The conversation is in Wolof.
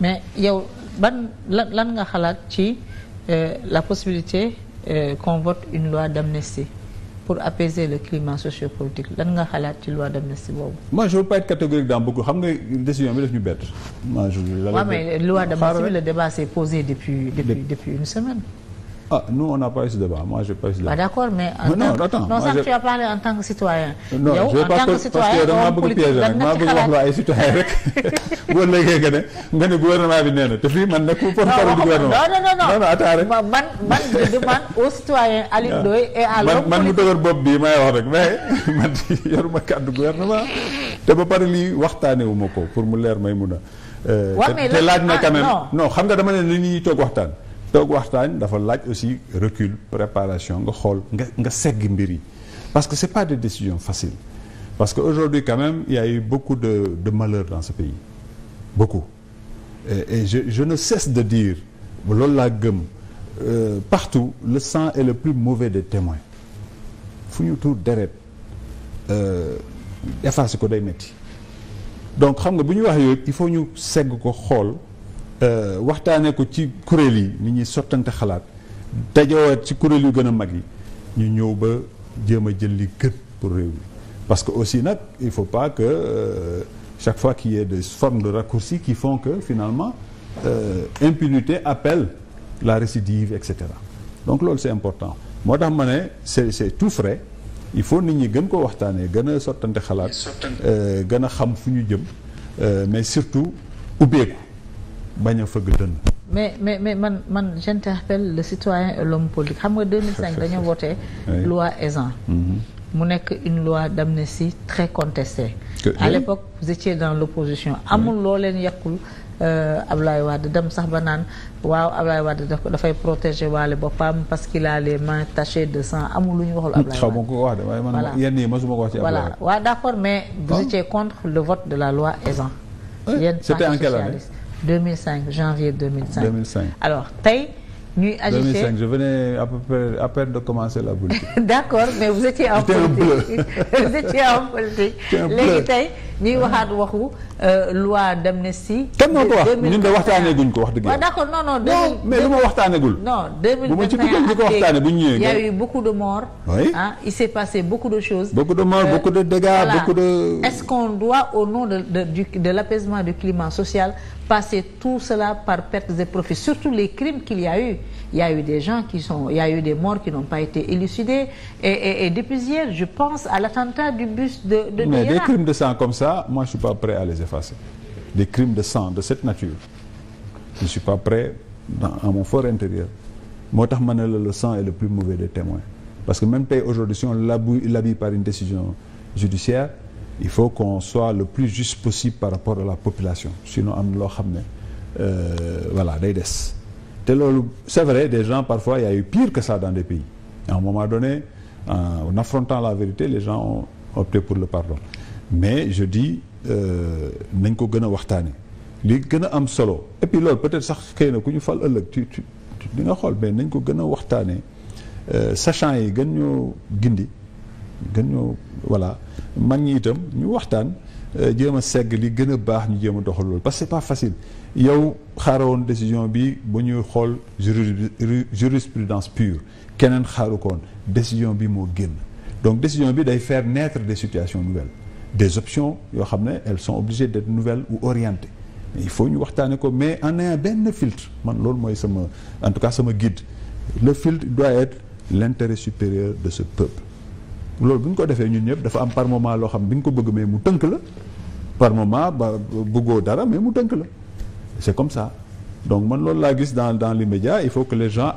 mais yow ban lan lan nga xalaat ci euh, la possibilité euh, qu'on vote une loi d'amnistie pour apaiser le climat sociopolitique lan nga xalaat ci loi d'amnistie boobu. moi je veux pas être catégorique dans beaucoup xam nga décision bi daf ñu bett. moi a la mais loi d'amnistie le débat s'est posé depuis depuis une semaine. Ah, nous, on n'a pas non, Non, ça, tu as parlé en tant que citoyen. Non, Yo, je ne vais pas bëgg wax la ay citoyen rek boo léegee nga ne nga bi nee na te fii man ne porte-parole du gouvernement. non non non non non rek. Ah. man man mu dëgër bopp bi may wax rek mais man yoruma kàddu gouvernement te ba pare lii waxtaanee wu ma ko pour mu leer may mun a. te laaj na ah, quand même non xam nga dama ne li ñuy toog waxtaan. toog waxtaan dafa laaj aussi recul préparation nga xool nga nga segg mbir yi parce que c'est pas de décisions faciles parce que aujourd'hui quand même il y beaucoup de de malheurs dans ce pays beaucoup et, je je ne cesse de dire loolu laa gëm euh, partout le sang et le plus mauvais de témoins fu ñu tuur deret euh, effacé ko day metti donc xam nga bu ñu wax yooyu il faut ñu segg ko xool Euh, waxtaanee ko ci kuréel yi nit ñi sottante xalaat dajawaat ci kuréel yu gën a mag yi ñu ñëw ba jéem a jël li gën pour réew mi parce que aussi nag il faut pas que euh, chaque fois qu'il y ait des formes de raccourcis qui font que finalement euh, impunité appelle la récidive et cetera donc loolu c'est important moo tax ma ne c'est c'est tout frais il faut nit ñi gën ko waxtaanee gën a sottante xalaat gën a euh, xam fu ñu jëm euh, mais surtout ubbeeku bañ a fëgg dënn mais mais mais man man j'interpelle le citoyen et l'homme politique xam nga 2005 dañoo voté loi Ezzan mhm. mu nekk une loi d'amnistie très contestée à l'époque vous étiez dans l'opposition amul loo leen yàqul euh, Ablaye Wade dem sax ba naan waaw Ablaye Wade dafay protéger waale boppam parce qu'il a les mains tachées de sang amul lu ñu waxul Ablaye Wade xaw ma ko wax de waaye mais vous ah. contre le vote de la loi Ezzan yéen c'était en 2005 janvier 2005. 2005 alors tey. ñuy agissé 2005 je venais à peu près à peine de commencer la politique. d'accord mais vous étiez en politique vous étiez en politique. léegi tey. ñuy waxaat waxu euh, loi d'amnistie. kenn moo ko wax ñun de waxtaanee ko wax dëgg yàlla. d'accord non non. mais lu ma waxtaanegul. non deux mille vingt et un bu ko waxtaanee bu ñu ñëwee. y a eu beaucoup de morts. oui ah il s'est passé beaucoup de choses. beaucoup de morts euh, beaucoup de dégâts beaucoup de. est-ce qu'on doit au nom de l'apaisement du climat social passer tout cela par pertes et profits surtout les crimes qu'il y a eu. Il y a eu des gens qui sont il y a eu des morts qui n'ont ça, moi, je suis pas prêt à les effacer. Des crimes de sang de cette nature, je suis pas prêt à mon fort intérieur. moo tax ma ne la le sang est le plus mauvais des témoins parce que même tey aujourd'hui si on l'abuse l'abuse par une décision judiciaire il faut qu'on soit le plus juste possible par rapport à la population sinon am na loo xam ne euh, voilà day des te loolu c'est vrai des gens parfois il y a eu pire que ça dans des pays à un moment donné en affrontant la vérité les gens ont opté pour le pardon mais je dis euh, nañ ko gën a waxtaanee li gën a am solo et puis peut-être sax xëy na ku ñu fal ëllëg ci ci di nga xool mais nañ ko gën a waxtaane euh, sachant yi gën ñoo gindi gën ñoo voilà mag ñi itam ñu waxtaan euh, jéem a segg li gën a baax ñu jéem a doxal loolu parce que c'est pas facile yow xaaroon décision bi bu ñuy xool jurisprudence pure keneen xaaru koon décision bi moo génn donc décision bi day fair naître de situations nouvelles des options yoo xam ne elles sont obligées d'être nouvelles ou orientées mais il faut ñu waxtaane ko mais en ayant benn filtre man loolu mooy sama en tout cas sama guide le filtre doit être l'intérêt supérieur de ce peuple loolu bu ñu ko defee ñun ñëpp dafa am par moment loo xam ne bi nga ko bëgg mais mu tënk la par moment ba bëggoo dara mais mu tënk la c'est comme ça donc man loolu laa gis dans dans l'immédiat il faut que les gens